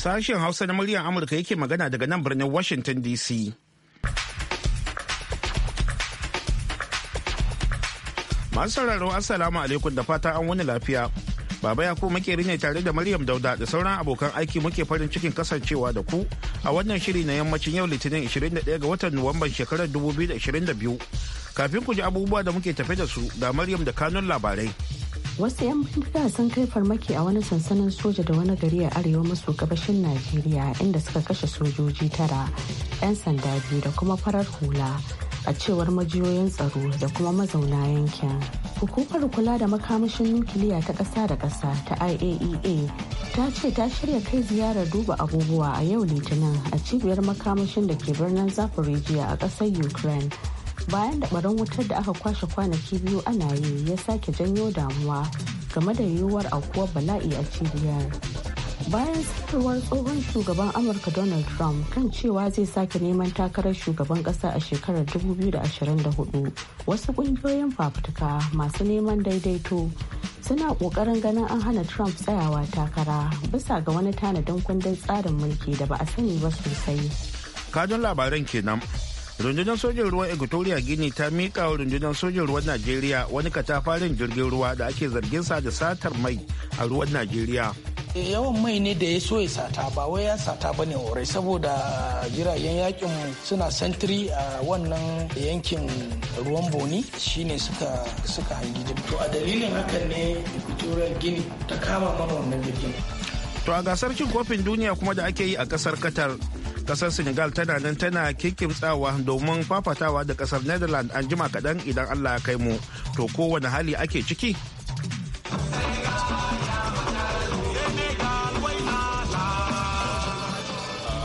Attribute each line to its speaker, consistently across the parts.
Speaker 1: Sashen Hausa na muryar Amurka yake magana daga nan birnin Washington DC. Masu sauraro Assalamu alaikum da fata an wani lafiya. Baba Yaku makeri ne tare da Maryam Dauda da sauran abokan aiki muke farin cikin kasancewa da ku a wannan shiri na yammacin yau Litinin 21 ga watan Nuwamban shekarar 2022. Kafin ku ji abubuwa da muke tafe da su ga Maryam da kanun labarai.
Speaker 2: wasu 'yan bindiga sun kai farmaki a wani sansanin soja da wani gari a arewa maso gabashin najeriya inda suka kashe sojoji tara 'yan sanda biyu da kuma farar hula a cewar majiyoyin tsaro da kuma mazauna yankin hukumar kula da makamashin nukiliya ta ƙasa da ƙasa ta iaea e ta ce ta shirya kai ziyarar duba abubuwa a yau litinin a cibiyar makamashin da ke birnin zaporijiya a ƙasar ukraine bayan da barin wutar da aka kwashe kwanaki biyu ana yi ya sake janyo damuwa game da yiwuwar aukuwar bala'i a cibiyar bayan sanarwar tsohon shugaban amurka donald trump kan cewa zai sake neman takarar shugaban kasa a shekarar 2024 wasu kungiyoyin fafutuka masu neman daidaito suna kokarin ganin an hana trump tsayawa takara bisa ga wani tanadin kundin tsarin mulki da ba a sani ba sosai
Speaker 1: kajin labaran kenan rundunar sojin ruwan equatoria gini ta mika wa rundunar sojin ruwan najeriya wani katafarin jirgin ruwa da ake zargin sa da satar mai a ruwan najeriya
Speaker 3: yawan mai ne da ya so ya sata ba wai ya sata ba ne orai saboda jiragen yakin suna sentiri a wannan yankin ruwan boni shine suka suka hangi to a dalilin hakan ne equatorial gini ta kama mana wannan jirgin
Speaker 1: to a gasar cin kofin duniya kuma da ake yi a kasar qatar kasar senegal tana nan tana kikimtsawa domin fafatawa da kasar netherlands an jima kaɗan idan allah ya kai mu to kowane hali ake ciki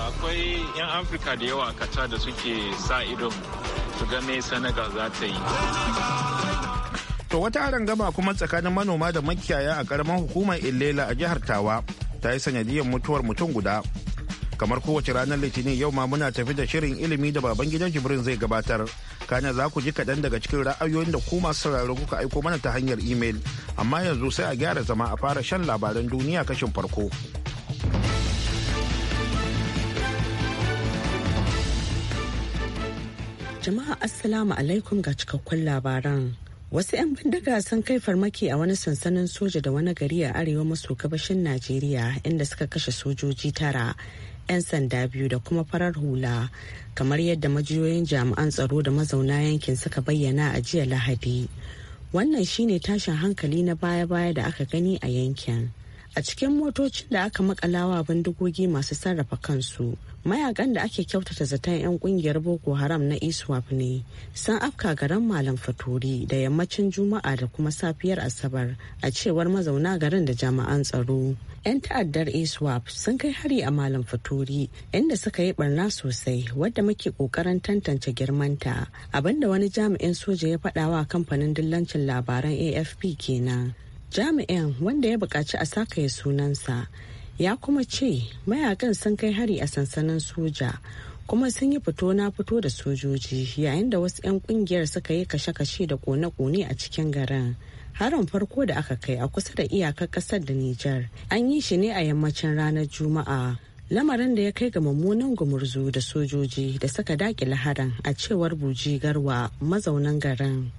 Speaker 4: akwai 'yan afirka da yawa kata da suke sa ido su game senegal za ta yi
Speaker 1: to wata gaba kuma tsakanin manoma da makiyaya a karamar hukumar ilela a jihar tawa ta yi sanadiyar mutuwar mutum guda kamar kowace ranar litinin yau ma muna tafi da shirin ilimi da baban gidan jibrin zai gabatar kana za ku ji kaɗan daga cikin ra'ayoyin da ku masu sauraro kuka aiko mana ta hanyar imel amma yanzu sai a gyara zama a fara shan labaran duniya kashin farko
Speaker 2: jama'a assalamu alaikum ga cikakkun labaran wasu 'yan bindiga sun kai farmaki a wani sansanin soja da wani gari a arewa maso gabashin najeriya inda suka kashe sojoji tara 'yan sanda biyu da kuma farar hula kamar yadda majiyoyin jami'an tsaro da mazauna yankin suka bayyana a jiya lahadi wannan shine tashin hankali na baya-baya da aka gani a yankin a cikin motocin da aka makalawa bindigogi masu sarrafa kansu mayakan da ake kyautata zaton 'yan kungiyar boko haram na iswap ne sun afka garin malam faturi da yammacin juma'a da kuma safiyar asabar a cewar mazauna garin da jami'an tsaro 'yan ta'addar aswap sun kai hari a malam fatori inda suka yi barna sosai wadda muke kokarin tantance girmanta abinda wani jami'in soja ya faɗawa kamfanin dillancin labaran afp kenan jami'in wanda ya buƙaci a saka ya sunansa ya kuma ce mayakan sun kai hari a sansanin soja kuma sun yi fito na fito da sojoji yayin da wasu 'yan kungiyar suka yi kashe-kashe da kone-kone a cikin garin harin farko da aka kai a kusa da iyakar kasar da nijar an yi shi ne a yammacin ranar juma'a lamarin da ya kai ga mummunan gumurzu da sojoji da suka dakile harin a cewar buji garwa mazaunan garin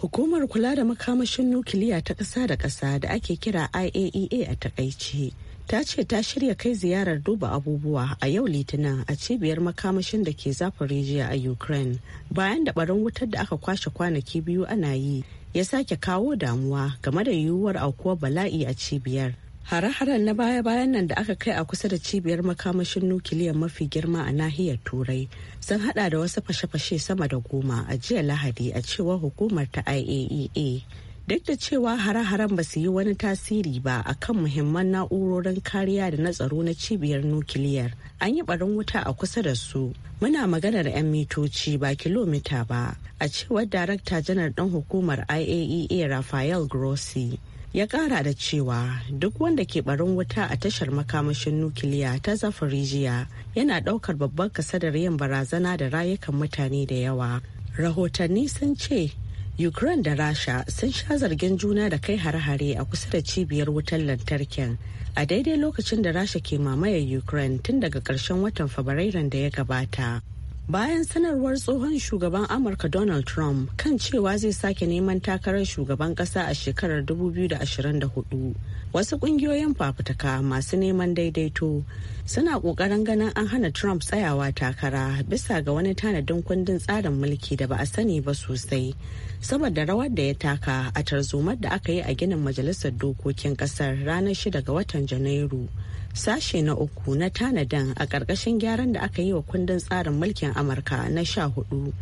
Speaker 2: hukumar kula da makamashin nukiliya ta ƙasa da ƙasa da ake kira iaea a e takaice ta ce ta shirya kai ziyarar duba abubuwa a yau litinin a cibiyar makamashin da ke zaporijiya a ukraine bayan da barin wutar da aka kwashe kwanaki biyu ana yi ya sake kawo damuwa game da yiwuwar aukuwar bala'i a cibiyar hare-haren na baya-bayan nan da aka kai a kusa da cibiyar makamashin nukiliyar mafi girma a nahiyar turai sun hada da wasu fashe-fashe sama da goma a jiya lahadi a cewar hukumar ta iaea e duk da cewa hare-haren ba su yi wani tasiri ba a kan muhimman na'urorin kariya da na tsaro na cibiyar nukiliyar an yi barin wuta a kusa da su muna maganar 'yan mitoci ba kilomita ba a cewar darakta janar ɗan hukumar iaea e rafael grossi ya kara da cewa duk wanda ke barin wuta a tashar makamashin nukiliya ta zafirijiya yana daukar babban kasadar yin barazana da rayukan mutane da yawa rahotanni sun ce Ukraine da Rasha sun sha zargin juna da kai hare-hare a kusa da cibiyar wutar lantarkin a daidai lokacin da Rasha ke mamayar Ukraine tun daga ƙarshen watan Fabrairun da ya gabata. Bayan sanarwar tsohon shugaban Amurka Donald Trump kan cewa zai sake neman takarar shugaban ƙasa a shekarar 2024. wasu kungiyoyin fafutuka masu neman daidaito suna kokarin ganin an hana trump tsayawa takara bisa ga wani tanadin kundin tsarin mulki da ba a sani ba sosai saboda rawar da ya taka a tarzomar da aka yi a ginin majalisar dokokin kasar ranar shida ga watan janairu sashe na uku na tanadin a ƙarƙashin gyaran da aka yi wa kundin tsarin mulkin amurka na sha hudu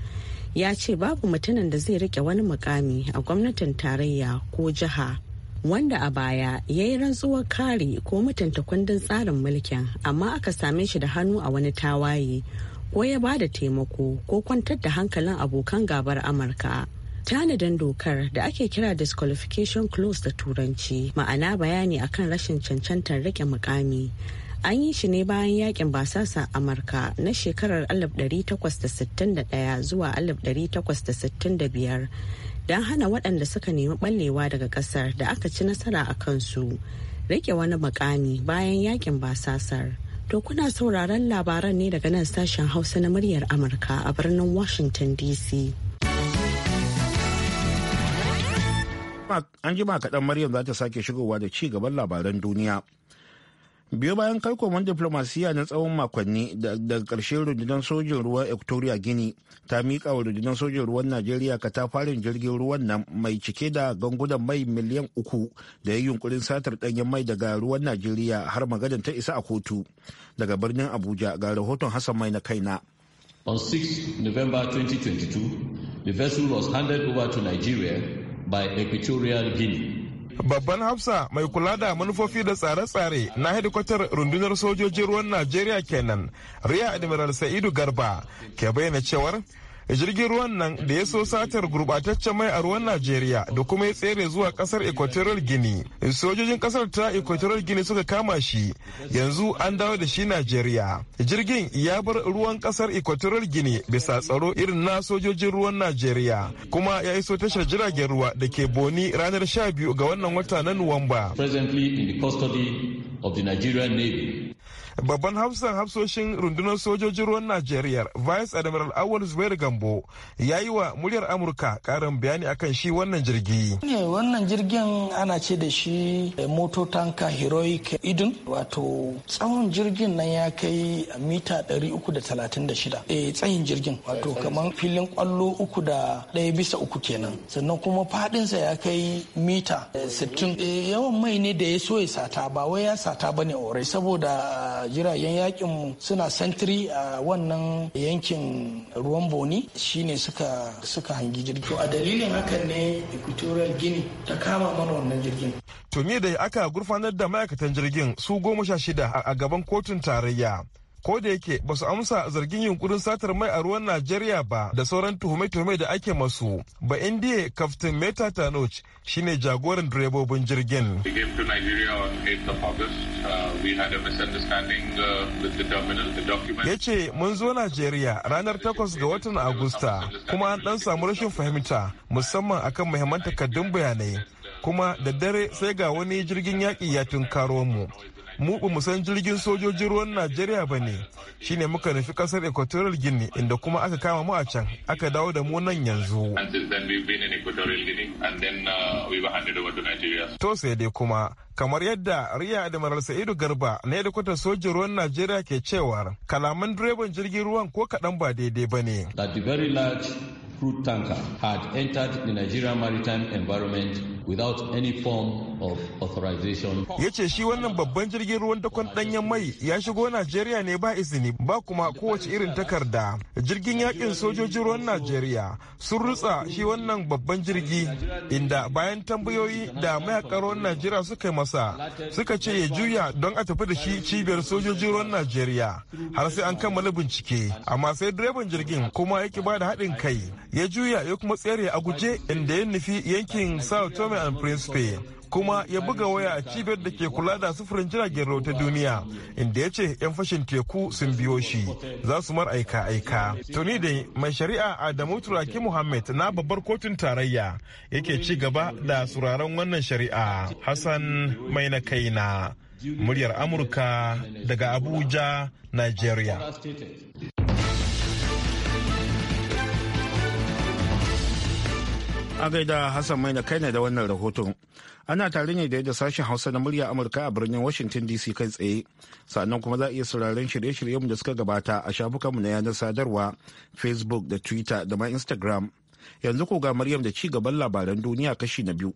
Speaker 2: ya ce babu mutumin da zai rike wani mukami a gwamnatin tarayya ko jiha wanda a baya ya yi rantsuwar kare ko mutunta kundin tsarin mulkin amma aka same shi da hannu a wani tawaye ko ya ba da taimako ko kwantar da hankalin abokan gabar amurka tanadin dokar da ake kira disqualification clause da turanci ma'ana bayani akan rashin cancantar rike mukami an yi shi ne bayan yakin basasa amurka na shekarar 1861 zuwa 1865 don hana waɗanda suka nemi ɓallewa daga ƙasar da aka ci nasara a kansu rike wani makami bayan yakin basasar. To kuna sauraron labaran ne daga nan sashen Hausa na muryar Amurka a birnin Washington DC.
Speaker 1: An jima kaɗan Maryam za ta sake shigowa da ci gaban labaran duniya. biyo bayan kai koman diplomasiya na tsawon makonni daga ƙarshen rundunar sojin ruwan equatorial gini ta miƙa wa rundunar sojin ruwan najeriya katafarin jirgin ruwan nan mai cike da gangunan mai miliyan uku da ya yunkurin satar ɗanyen mai daga ruwan najeriya har magadan ta isa a kotu daga birnin abuja ga rahoton hassan mai na kaina on
Speaker 5: 6 november 2022 the vessel was handed over to nigeria by equatorial guinea
Speaker 6: babban hafsa mai kula da manufofi da tsare-tsare na hedikwatar rundunar sojojin ruwan najeriya kenan riya admiral sa'idu garba ke bayyana cewar jirgin ruwan nan da ya so satar gurbataccen mai a ruwan najeriya da kuma ya tsere zuwa kasar equatorial guinea sojojin kasar ta equatorial guinea suka kama shi yanzu an dawo da shi najeriya jirgin ya bar ruwan kasar equatorial guinea bisa tsaro irin na sojojin ruwan najeriya kuma ya iso tashar jiragen ruwa da ke boni ranar 12 ga wannan wata na nuwamba
Speaker 5: presently in the custody of the
Speaker 6: nigerian navy Babban hafsan hafsoshin rundunar sojojin ruwan Najeriya Vice Admiral Awal Zubair Gambo ya yi wa muryar Amurka karin bayani akan shi wannan jirgi.
Speaker 3: Wannan jirgin ana ce da shi eh, moto tanka heroic idun wato tsawon jirgin nan ya kai mita 336 eh tsayin jirgin wato kamar filin kwallo uku da ɗaya bisa uku kenan sannan kuma fadinsa ya kai mita 60 eh, eh, yawan mai ne da ya so ya sata ba wai ya sata bane ne saboda jiragen yakin suna santiri a wannan yankin ruwan boni shine suka suka hangi jirgin a dalilin haka ne equatorial guinea ta kama mana wannan jirgin to me da aka gurfanar da ma'aikatan jirgin su goma
Speaker 6: sha shida a gaban kotun tarayya ko da yake ba su amsa zargin yunkurin satar mai a ruwan Najeriya ba da sauran tuhume-tuhume da ake masu. Ba indiya kaftin Meta Tanoch shine jagoran direbobin jirgin.
Speaker 4: Uh, uh, ya
Speaker 6: ce mun zo Najeriya ranar 8 ga watan Agusta kuma an dan samu rashin fahimta musamman akan muhimman takardun bayanai kuma da dare sai ga wani jirgin yaƙi ya tunkaro mu. mu mu san jirgin sojojin ruwan najeriya ba ne shine muka nufi kasar equatorial guinea inda kuma aka kama mu a can aka dawo da mu nan yanzu uh, to sai dai kuma kamar yadda riya admiral sa'idu garba na hedikwatar sojin ruwan najeriya ke cewa kalaman direban jirgin ruwan ko kaɗan ba daidai
Speaker 5: ba ne crude tanker had entered the Nigerian maritime environment without any form of authorization.
Speaker 6: Ya ce shi wannan babban jirgin ruwan dakon danyen mai ya shigo Najeriya ne ba izini ba kuma kowace irin takarda. Jirgin yakin sojojin ruwan Najeriya sun rutsa shi wannan babban jirgi inda bayan tambayoyi da mayakan ruwan Najeriya suka yi masa suka ce ya juya don a tafi da shi cibiyar sojojin ruwan Najeriya har sai an kammala bincike amma sai direban jirgin kuma yake ba da haɗin kai ya juya ya kuma tsere a guje inda ya nufi yankin sao tome and principe kuma ya buga waya a cibiyar da ke kula da sufurin jiragen ruwa ta duniya inda ya ce 'yan fashin teku sun biyo shi za su mar aika aika tuni da mai shari'a adamu turaki muhammad na babbar kotun tarayya yake ci gaba da suraren wannan shari'a hassan mai na kaina muryar amurka daga abuja nigeria
Speaker 1: A gaida Hassan na kai ne da wannan rahoton. Ana tare ne da yadda sashen Hausa na murya Amurka a birnin Washington DC kai tsaye. Sannan kuma za a iya sauraron shirye-shiryenmu da suka gabata a shafukanmu na yanar sadarwa Facebook da Twitter da ma Instagram. Yanzu ko ga Maryam da ci gaban labaran duniya kashi na biyu.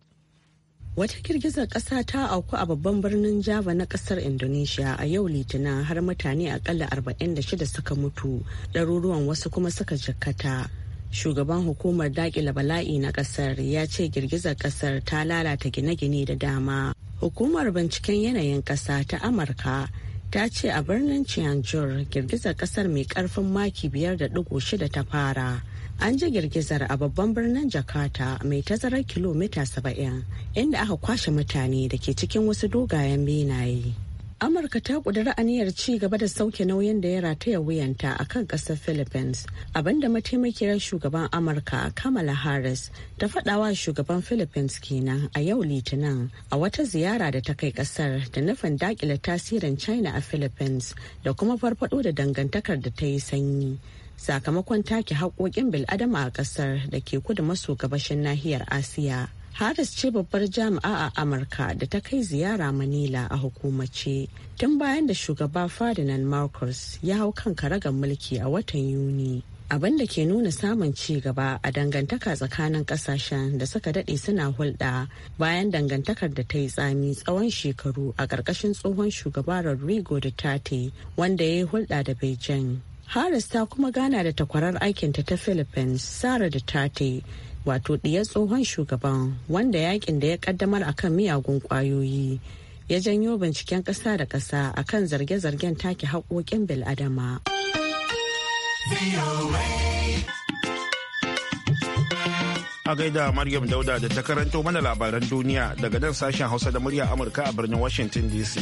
Speaker 2: Wata girgizar ƙasa ta auku a babban birnin Java na kasar Indonesia a yau Litinin har mutane akalla 46 suka mutu, daruruwan wasu kuma suka jikkata. shugaban hukumar dakila bala'i na kasar ya ce girgizar kasar ta lalata gine-gine da dama hukumar binciken yanayin kasa ta amurka ta ce a birnin cianjur girgizar kasar mai karfin maki biyar da shida ta fara an ji girgizar a babban birnin jakarta mai tazarar kilomita 70 inda aka kwashe mutane da ke cikin wasu dogayen benaye Amurka ta kudura aniyar ci gaba da sauke nauyin da ya rataya wuyanta a kan ƙasar Philippines, abinda mataimakiyar shugaban Amurka Kamala Harris ta faɗawa shugaban Philippines kenan a yau Litinin a wata ziyara da ta kai kasar da nufin daƙile tasirin China a Philippines da kuma farfado da dangantakar da ta yi sanyi. Sakamakon take haƙoƙin bil'adama a ƙasar da ke kudu maso gabashin nahiyar Asiya. Harris ce babbar jami'a a Amurka da ta kai ziyara Manila a hukumace tun bayan da shugaba Ferdinand Marcos ya hau kan karagar mulki a watan Yuni. Abin da ke nuna samun ci gaba a dangantaka tsakanin kasashen da suka daɗe suna hulɗa bayan dangantakar da ta yi tsami tsawon shekaru a ƙarƙashin tsohon shugaba Rodrigo Duterte wanda ya yi hulɗa da Beijing. Harris ta kuma gana da takwarar aikinta ta Philippines, Sara Duterte, wato ɗiyar tsohon shugaban wanda yakin da ya kaddamar akan miyagun kwayoyi ya janyo binciken ƙasa da ƙasa akan zarge-zargen take haƙoƙin bil adama.
Speaker 1: A gaida Maryam Dauda da ta karanto mana labaran duniya daga nan sashen Hausa da murya Amurka a birnin Washington DC.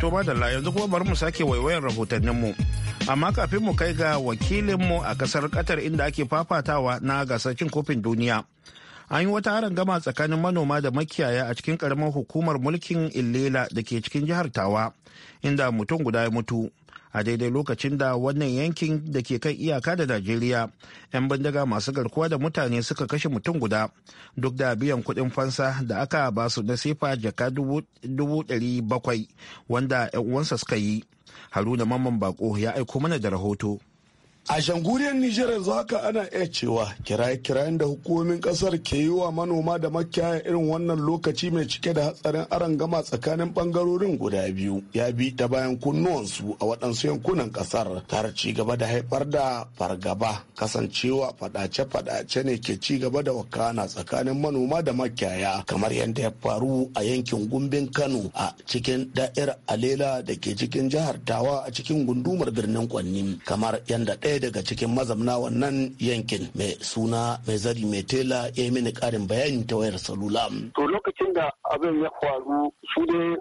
Speaker 1: To da yanzu kuma bari mu sake waiwayar rahotanninmu. mu. amma kafin mu kai ga wakilinmu a kasar qatar inda ake fafatawa na gasar cin kofin duniya an yi wata gama tsakanin manoma da makiyaya a cikin karamar hukumar mulkin illela da ke cikin jihar tawa inda mutum guda ya mutu a daidai lokacin da wannan yankin da ke kan iyaka da najeriya 'yan bindiga masu garkuwa da mutane suka kashe mutum guda duk da biyan kuɗin fansa da aka ba su na sifa jaka dubu bakwai wanda
Speaker 7: 'yan uwansa suka yi Haruna Mamman Bako ya aiko mana da rahoto. A shanguriyar Nijar yanzu haka ana iya cewa kiraye-kirayen da hukumomin kasar ke yi wa manoma da makiyaya irin wannan lokaci mai cike da hatsarin aron gama tsakanin bangarorin guda biyu ya bi ta bayan kunnuwansu a waɗansu yankunan kasar tare ci gaba da haifar da fargaba kasancewa fadace-fadace ne ke ci gaba da wakana tsakanin manoma da makiyaya kamar yadda ya faru a yankin gumbin Kano a cikin Daira Alela da ke cikin jihar Tawa a cikin gundumar birnin Kwanni kamar yadda ɗaya ɗaya daga cikin mazamna wannan yankin mai suna mai zari mai tela ya yi mini ƙarin bayani ta wayar
Speaker 8: salula. To lokacin da abin ya faru su dai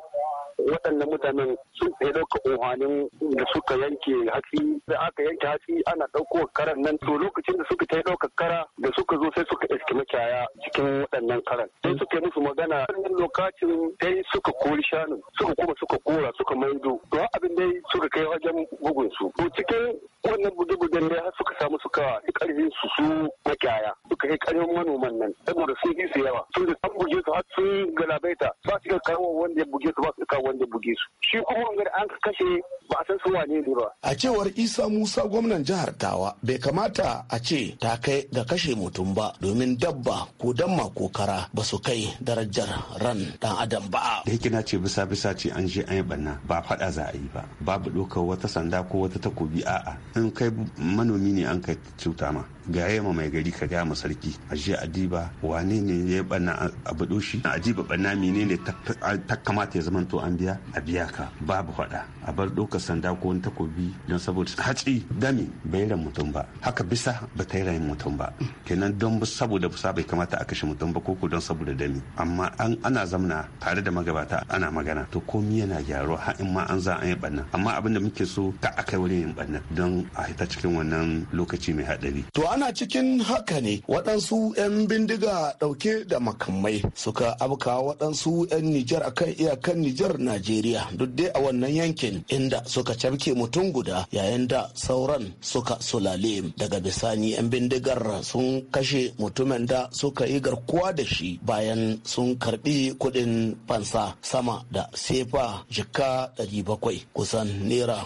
Speaker 8: waɗannan mutanen sun ɗaya ɗauka unhanin da suka yanke hatsi da aka yanke hatsi ana ɗauko karan nan to lokacin da suka tai ɗauka kara da suka zo sai suka iske makiyaya cikin waɗannan karan sai suka yi musu magana wannan lokacin dai suka kori shanu suka kuma suka kora suka maido to abin dai suka kai wajen bugun su to cikin wannan buge bugun dai har suka samu suka ƙarfin su su makiyaya suka yi ƙarfin manoman nan saboda sun fi su yawa sun da an buge su har sun galabaita ba su ka kawo wanda ya buge su ba su kawo wanda ya buge su shi kuma wanda an kashe ba a san su wane ne ba.
Speaker 7: a cewar isa musa gwamnan jihar tawa bai kamata a ce ta kai ga kashe mutum ba domin dabba ko damma ko kara ba su kai darajar ran dan adam ba. da na ce bisa bisa ce an je an yi banna ba faɗa za a yi ba babu ɗaukar wata sanda ko wata takobi a'a in kai manomi ne an kai cuta ma ga yamma mai gari ka gaya masa sarki a je adiba wane ne ya bana abu doshi adiba bana mene ne ta kamata ya zamanto an biya a biya ka babu faɗa a bar ɗaukar sanda ko wani takobi don saboda hatsi dami bai ran mutum ba haka bisa ba ta yi rayin mutum ba kenan don saboda bisa bai kamata a kashe mutum ba ko ko don saboda dami amma an ana zamna tare da magabata ana magana to komi yana gyaruwa har in ma an za an yi ɓanna amma abin da muke so ka akai wurin yin ɓanna don a hita cikin wannan lokaci mai haɗari. to ana cikin haka ne waɗansu 'yan bindiga ɗauke da makamai suka abka waɗansu 'yan Nijar akan iyakan Nijar Najeriya duk dai a wannan yankin inda suka cafke mutum guda yayin da sauran suka sulale daga bisani 'yan bindigar sun kashe mutumin da suka yi garkuwa da shi bayan sun karbi kuɗin fansa sama da sefa jika 700 kusan naira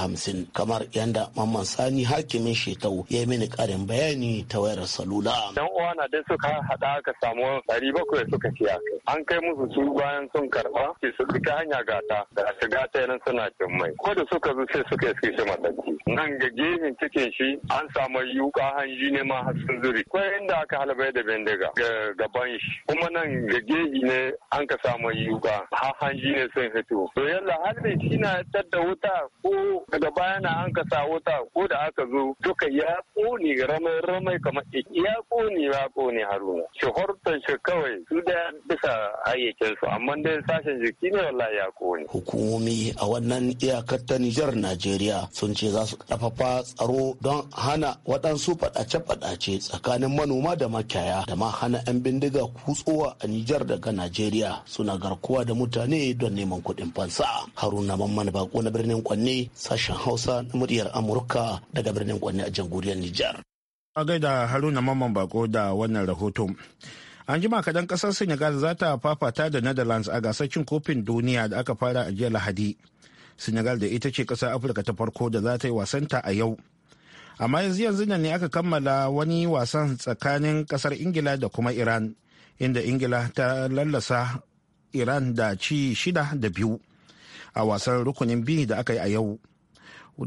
Speaker 7: hamsin kamar yanda mamman sani hakimin shetau ya mini ƙarin bayani ta wayar salula.
Speaker 9: Dan na dai suka hada aka samu ɗari bakwai suka siya. An kai musu su bayan sun karɓa sai su fita hanya gata da shiga ta yanan suna cin mai. Ko da suka zo sai suka iske shi matacci. Nan ga gefen cikin shi an samu yuka hanji ne ma har sun zuri. Ko inda aka halabai da bindiga gaban shi. Kuma nan ga gehi ne an ka samu yuka ha hanji ne sun fito. To yalla ne shi na tadda wuta ko daga baya na an ka sa wuta ko da aka zo duka ya ƙone ramai-ramai kamar kuma ya kone ya kone haruna shi horta shi kawai su da bisa hayyakin su amma dai sashen jiki ne wallahi ya kone
Speaker 7: hukumomi a wannan iyakar ta Nijar Najeriya sun ce za su dafafa tsaro don hana waɗansu faɗace-faɗace tsakanin manoma da makiyaya da ma hana 'yan bindiga kutsowa a Nijar daga Najeriya suna garkuwa da mutane don neman kuɗin fansa. Haruna Mamman Bako na birnin Kwanne sashen Hausa na muryar Amurka daga birnin Kwanne a jamhuriyar Nijar. a gaida haruna mamman bako da wannan rahoto an
Speaker 1: jima kadan kasar senegal za ta fafata da netherlands a gasar cin kofin duniya da aka fara a jiya lahadi senegal da ita ce kasar afirka ta farko da za ta yi wasanta a yau amma yanzu yanzu ne aka kammala wani wasan tsakanin kasar ingila da kuma iran inda ingila ta lallasa iran da ci shida da biyu a wasan rukunin biyu da aka yi a yau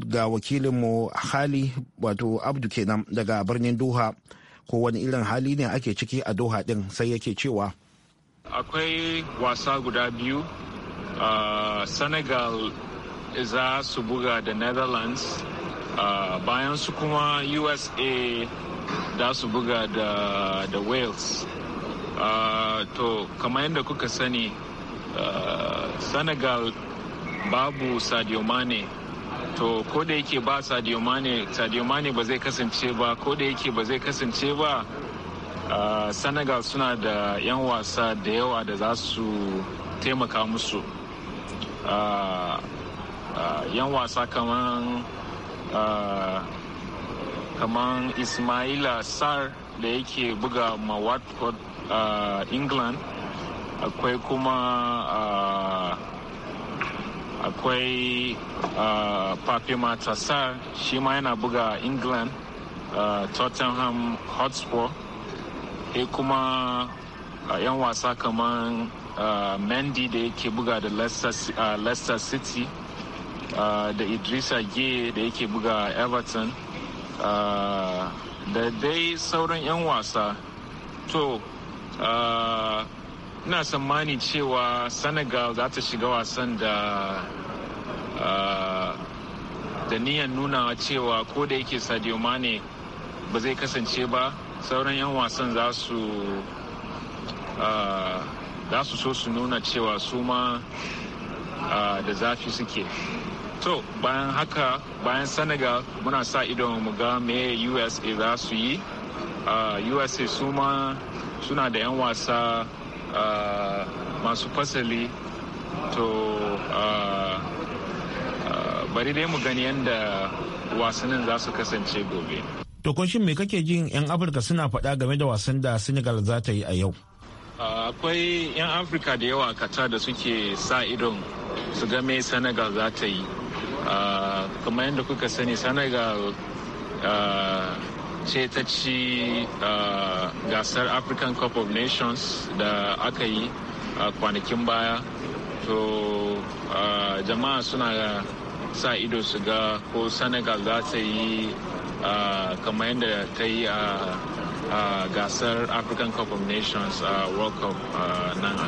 Speaker 1: ga wakilinmu hali wato abdu kenan daga birnin doha ko wani irin hali ne ake ciki a doha din sai yake cewa
Speaker 4: akwai wasa guda biyu uh, senegal za su buga da netherlands uh, bayan su kuma usa za su buga da, da wales ah, to kamar yadda kuka sani senegal babu sadio mane to ko da yake ba sadio mane sadio mane ba zai kasance ba ko da yake ba zai kasance ba senegal suna da 'yan wasa da yawa da za su taimaka musu 'yan wasa kaman kaman ismaila sar da yake buga ma watford england akwai kuma akwai papima ah, tassar shi ma yana buga england ah, tottenham hotspur he kuma ah, yan wasa kamar mendy da yake buga da leicester city da idrisa gay da yake buga everton da dai sauran 'yan wasa to ina tsammani cewa senegal za ta shiga wasan da ah, da niyan nuna cewa ko da yake sadio mane ba zai kasance ba sauran 'yan wasan za su ah, so su nuna cewa su ma ah, da zafi suke to bayan haka bayan senegal muna sa idon mu ga me usa za su yi usa su ma suna da 'yan wasa Ah, masu fasali to ah, ah, bari dai mu gani yadda wasannin za su kasance gobe
Speaker 1: to kunshin me kake jin 'yan afirka suna faɗa game da wasan da senegal za ta yi a yau
Speaker 4: akwai 'yan afirka da yawa kata da suke sa idon su ga me senegal za ta yi kamar yadda kuka sani senegal ce ta ci gasar african cup of nations da aka yi a kwanakin baya to jama'a suna sa ido su ga ko senegal za ta yi kamar yadda ta yi a gasar african cup of nations a world cup nan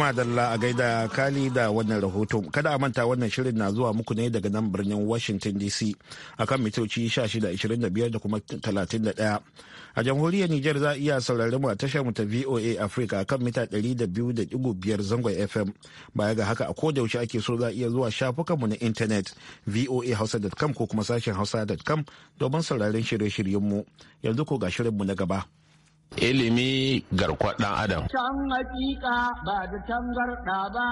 Speaker 1: kuma la a gaida kali da wannan rahoto kada a manta wannan shirin na zuwa muku ne daga nan birnin washington dc akan mitoci 1625 da kuma 31 a jamhuriyar niger za a iya saurari mu a tashar mu ta voa africa akan mita 200.5 zangon fm baya ga haka a kodayaushe ake so za a iya zuwa mu na intanet voahausa.com ko kuma sashen hausa.com domin sauraron shirye shiryen mu yanzu ko ga shirin mu na gaba. ilimi garkwa ɗan adam.
Speaker 7: Can hakika ba da tangarɗa ba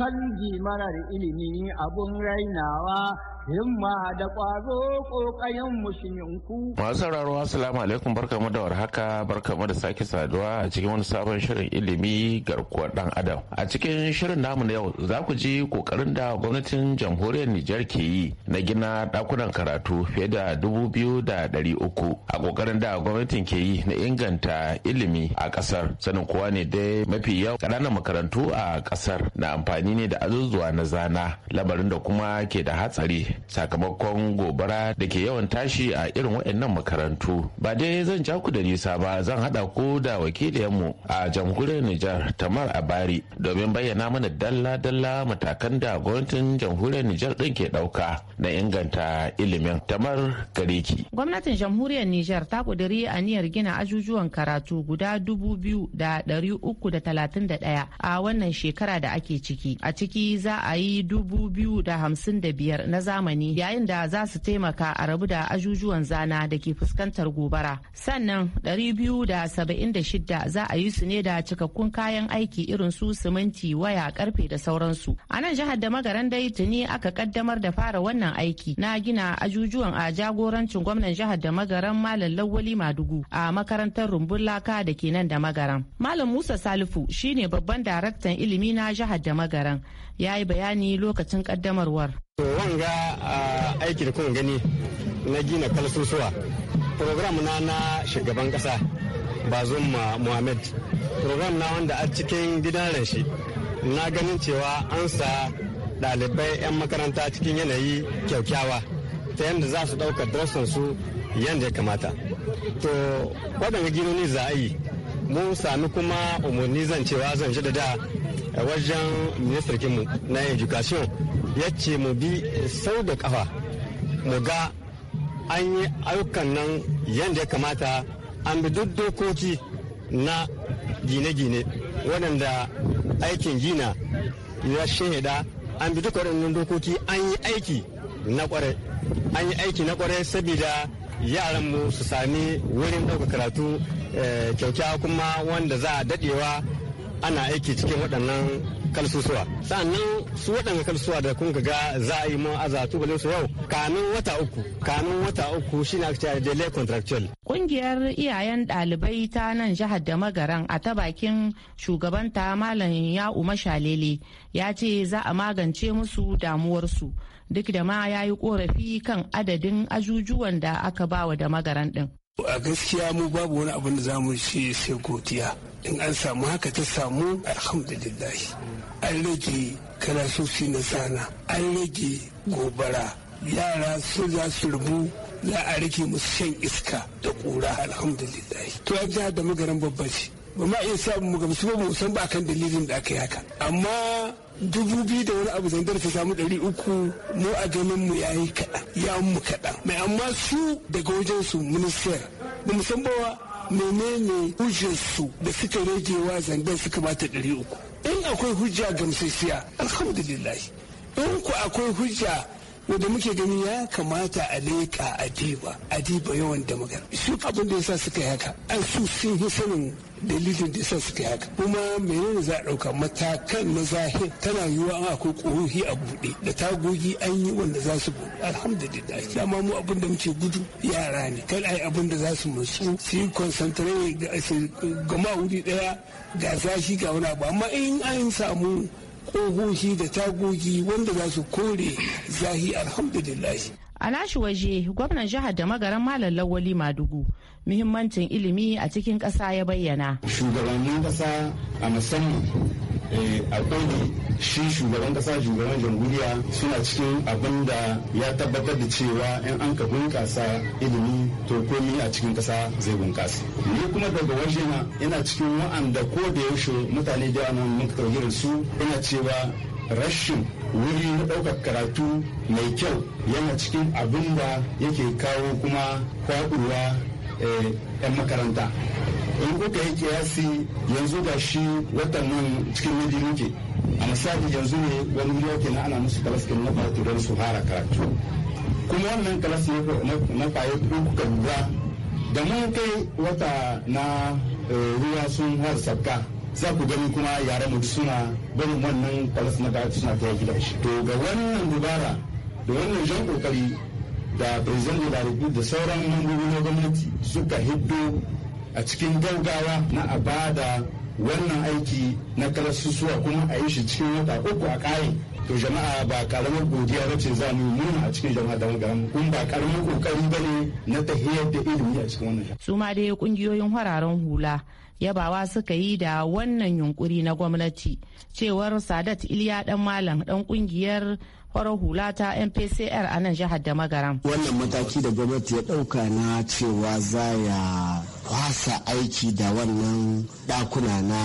Speaker 7: kangi marar ilimi abun rainawa himma da ƙwazo kokayen
Speaker 3: musulminku.
Speaker 5: Masu sauraro assalamu alaikum barkamu da warhaka barkamu da sake saduwa a cikin wani sabon shirin ilimi garkuwar ɗan adam. A cikin shirin namu na yau za ku ji ƙoƙarin da gwamnatin jamhuriyar Nijar ke yi na gina dakunan karatu fiye da dubu biyu da ɗari uku a ƙoƙarin da gwamnatin ke yi na inganta ilimi a ƙasar sanin kowa ne dai mafi yau ƙananan makarantu a ƙasar na amfani amfani ne da azuzuwa na zana labarin da kuma ke da hatsari sakamakon gobara da ke yawan tashi a irin waɗannan makarantu ba dai zan ja ku da nisa ba zan haɗa ku da wakiliyanmu a jamhuriyar Nijar Tamar Abari domin bayyana mana dalla-dalla matakan da gwamnatin jamhuriyar Nijar ɗin ke ɗauka na inganta ilimin Tamar Gareki.
Speaker 10: Gwamnatin jamhuriyar Nijar ta ƙudiri aniyar gina ajujuwan karatu guda dubu biyu da ɗari uku da talatin da ɗaya a wannan shekara da ake ciki. aiki a ciki za a yi dubu biyu da hamsin da biyar na zamani yayin da za su taimaka a rabu da ajujuwan zana da ke fuskantar gobara sannan ɗari biyu da saba'in da shida za a yi su ne da cikakkun kayan aiki irin su siminti waya karfe da sauransu a nan jihar da magaran dai tuni aka kaddamar da fara wannan aiki na gina ajujuwan a jagorancin gwamnan jihar da magaran malam lawali madugu a makarantar rumbun laka da ke nan da magaran malam musa salifu shine babban daraktan ilimi na jihar da magaran daren ya yi bayani lokacin kaddamarwar. to
Speaker 9: wanga aiki da kun gani na gina kalsusuwa program na na shugaban kasa bazum muhammad program na wanda a cikin gidan shi na ganin cewa an sa ɗalibai 'yan makaranta cikin yanayi kyaukyawa ta yadda za su ɗaukar darsansu yadda ya kamata to waɗanda ginoni za a yi mun sami kuma umarni zan cewa zan ji da da a wajen mu na education ya ce mu bi sau da kafa mu ga an yi ayyukan nan yadda ya kamata an bi duk dokoki na gine-gine waɗanda aikin gina ya shaida an bi duk waɗannan dokoki an yi aiki na ƙwarai an yi aiki na ƙwarai saboda yaran mu su sami wurin ɗauka karatu eh, kyauta kuma wanda za a daɗewa ana aiki cikin waɗannan kalsusuwa sannan su waɗannan kalsusuwa da kun ga za a yi mun aza tubalin su yau kanun wata uku kanun wata uku shine ake cewa delay contractual
Speaker 10: kungiyar iyayen ɗalibai ta nan jihar da magaran a ta bakin shugabanta malam ya ya'u mashalele ya ce za a magance musu damuwarsu duk da ma ya yi korafi kan adadin ajujuwan da aka bawa da magaran din
Speaker 8: a gaskiya mu babu wani abin da za mu shi sai godiya in an samu haka ta samu Alhamdulillahi. an rage karasusi na sana an rage gobara yara su za su rubu za a rage musu shan iska da kura alhamdulillah to ya jihar da magaran babban shi ba ma iya samu mu gamsu ba mu san ba kan dalilin da aka yi haka amma dubu biyu da wani abu zandar ta samu ɗari uku mu a ganin mu yayi kaɗan ya mu kaɗan mai amma su daga wajen su minister ba mu san bawa menene hujjarsu da suka ragewa zangen suka bata ɗari uku in akwai hujja gamsasiya alhamdulillah in ku akwai hujja wanda muke gani ya kamata a leƙa a diba a diba yawan da magana su abin da yasa suka yi haka an su sun yi sanin dalilin da yasa suka yi haka kuma menene za a ɗauka matakan na zahir tana yiwuwa an akwai ƙoruhi a buɗe da tagogi an yi wanda za su buɗe alhamdulillah dama mu abin da muke gudu yara ne kan ai abin da za su matsu su yi concentrate ma wuri ɗaya ga zashi ga wani abu amma in an samu ƙogoshi da tagogi wanda za su kore zahi alhamdulillah
Speaker 10: a nashi waje gwamnan jihar da magaran malam lawali madugu muhimmancin ilimi a cikin ƙasa ya bayyana
Speaker 11: shugabannin ƙasa a musamman Eh, akwai shi shugaban kasa shugaban jamhuriya suna cikin abin da ya tabbatar da cewa 'yan an ka bunkasa ilimi to komi a cikin kasa zai bunkasa ni kuma daga wajena ina cikin wa'anda ko da yaushe mutane da yawa mun ka su ina cewa rashin wuri na ɗaukar karatu mai kyau yana cikin abin da yake kawo kuma kwaɗuwa 'yan eh, makaranta in kuka yi kiyasi yanzu ga shi watan nan cikin miji muke a misali yanzu ne wani miliyan kenan ana musu kalaskin na karatu don su fara karatu kuma wannan kalas na kwaye kuka lura da mun kai wata na eh, ruwa sun har sabka za ku gani kuma yare mu suna barin wannan kalas na karatu suna kai gida shi to ga wannan dubara da wannan jan kokari da president da da sauran mambobi na gwamnati suka hiddo a cikin gaugawa na a bada wannan aiki na karasusuwa kuma a yi shi cikin wata uku a kayi to jama'a ba karamar godiya ba ce za mu murna a cikin jama'a da magaran kun ba karamar kokari ba ne na tahiyar da ilimi a cikin wannan
Speaker 10: su ma dai kungiyoyin hararen hula yabawa suka yi da wannan yunkuri na gwamnati cewar sadat iliya dan malam dan kungiyar farar hula ta mpcr a nan jihar da magaram
Speaker 12: wannan mataki da gwamnati ya dauka na cewa za ya kwasa aiki da wannan dakuna na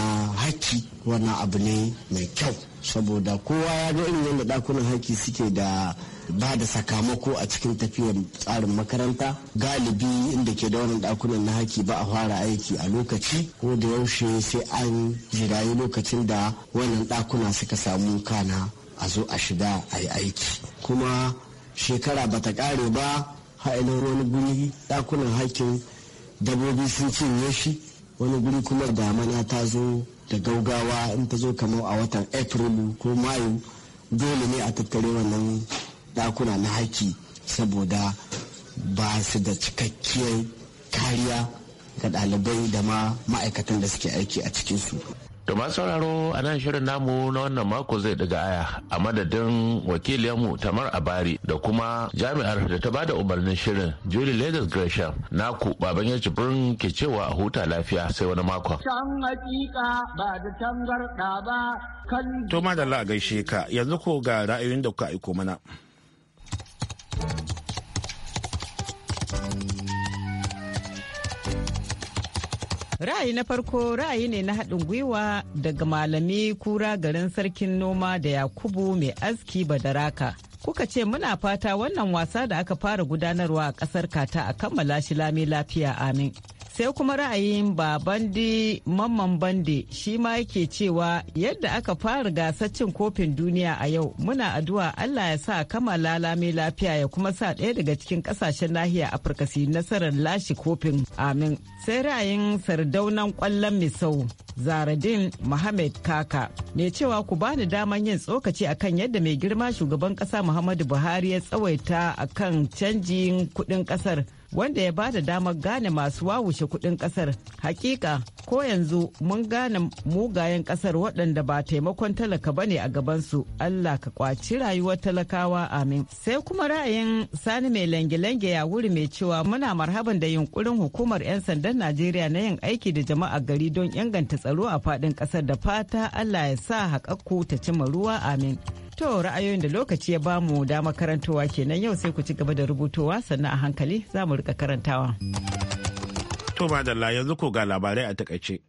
Speaker 12: haki wannan abu ne mai kyau saboda kowa ya ga irin yadda dakunan haki suke da ba da sakamako a cikin tafiyar tsarin makaranta galibi inda ke da wannan dakunan na haki ba a fara aiki a lokaci ko da yaushe sai an jirayi lokacin da wannan dakuna suka samu kana a zo a shiga a yi aiki kuma shekara ba ta ƙare ba ha'ilin wani guri dakunan hakkin dabobi sun cinye shi wani guri kuma damana ta zo da gaugawa in ta zo kamar a watan april ko mayu dole ne a tattare wannan dakuna na haki saboda ba su da cikakkiyar kariya ga ɗalibai da ma ma'aikatan da suke aiki a cikinsu
Speaker 5: To masu sauraro a nan shirin namu na wannan mako zai daga aya a madadin wakiliyarmu Tamar Abari da kuma jami'ar da ta bada umarnin shirin Julie Lagos Gresham naku baban ya jibrin ke cewa a huta lafiya sai wani makon.
Speaker 7: Can hakika ba da tangarda ba kan.
Speaker 1: a gaishe ka yanzu ko ga ra'ayoyin da kuka aiko mana.
Speaker 13: Ra'ayi na farko ra'ayi ne na haɗin gwiwa daga malami kura garin sarkin noma da Yakubu mai aski badaraka. Kuka ce muna fata wannan wasa da aka fara gudanarwa a ƙasar kata a kammala shi lami lafiya amin. sai kuma ra'ayin babandi mamman bandi shi ma yake cewa yadda aka fara gasar cin kofin duniya a yau muna addu'a allah ya sa kama lami lafiya ya kuma sa ɗaya daga cikin ƙasashen nahiyar afirka su nasarar lashe kofin amin sai ra'ayin sardaunan ƙwallon misau zaradin mohammed kaka mai cewa ku bani daman yin tsokaci akan yadda mai girma shugaban ƙasa muhammadu buhari ya tsawaita akan canjin kuɗin ƙasar wanda ya bada damar gane masu wawushe kudin kasar hakika ko yanzu mun gane mugayen kasar waɗanda ba taimakon talaka ba ne a gabansu allah ka kwaci rayuwar talakawa amin sai kuma ra'ayin sani mai lange-lange ya wuri mai cewa muna marhaban da yunkurin hukumar 'yan sandan najeriya na yin aiki da jama'a gari don inganta tsaro a faɗin kasar da fata allah ya sa haƙaƙƙu ta cima ruwa amin To ra'ayoyin da lokaci ya bamu dama karantowa kenan yau sai ku ci gaba da rubutowa sannan a hankali za mu rika karantawa.
Speaker 1: To madalla yanzu ko ga labarai a takaice.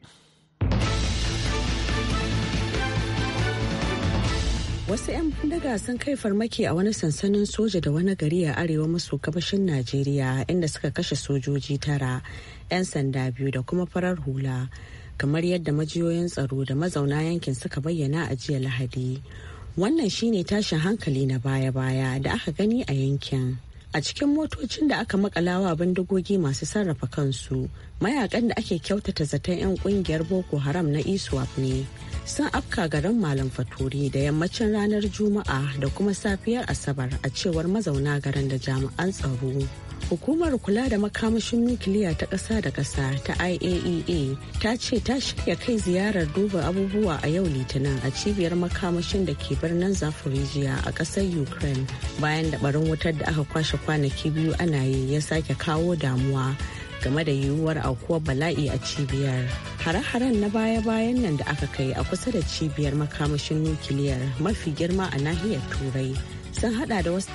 Speaker 2: Wasu 'yan bindiga sun kai farmaki a wani sansanin soja da wani gari a arewa maso gabashin Najeriya inda suka kashe sojoji tara, 'yan sanda biyu da kuma farar hula, kamar yadda majiyoyin tsaro da mazauna yankin suka bayyana a jiya Lahadi. wannan shine tashin hankali na baya-baya da aka gani a yankin a cikin motocin da aka makalawa bindigogi masu sarrafa kansu mayakan da ake kyautata zaton 'yan kungiyar boko haram na iswap e ne sun afka garin malam faturi da yammacin ranar juma'a da kuma safiyar asabar a cewar mazauna garin da jami'an tsaro hukumar kula da makamashin nukiliya ta ƙasa da ƙasa ta iaea e ta ce ta shirya kai ziyarar duba abubuwa a yau litinin a cibiyar makamashin da ke birnin zafirijiya a ƙasar ukraine bayan da barin wutar da aka kwashe kwanaki biyu ana yi ya sake kawo damuwa game da yiwuwar aukuwar bala'i a cibiyar hare-haren na baya-bayan nan da aka kai a kusa da cibiyar makamashin nukiliyar mafi girma a nahiyar turai sun hada da wasu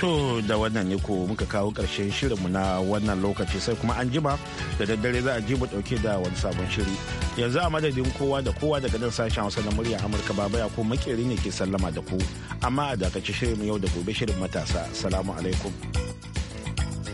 Speaker 1: To da wannan ne ko muka kawo ƙarshen shirinmu na wannan lokaci sai kuma an jima da daddare za a ji mu ɗauke da wani sabon shiri. Yanzu a madadin kowa da kowa daga nan sashen Hausa na murya Amurka baba ya ko makeri ne ke sallama da ku. Amma a dakaci shirin yau da gobe shirin matasa. Salamu alaikum.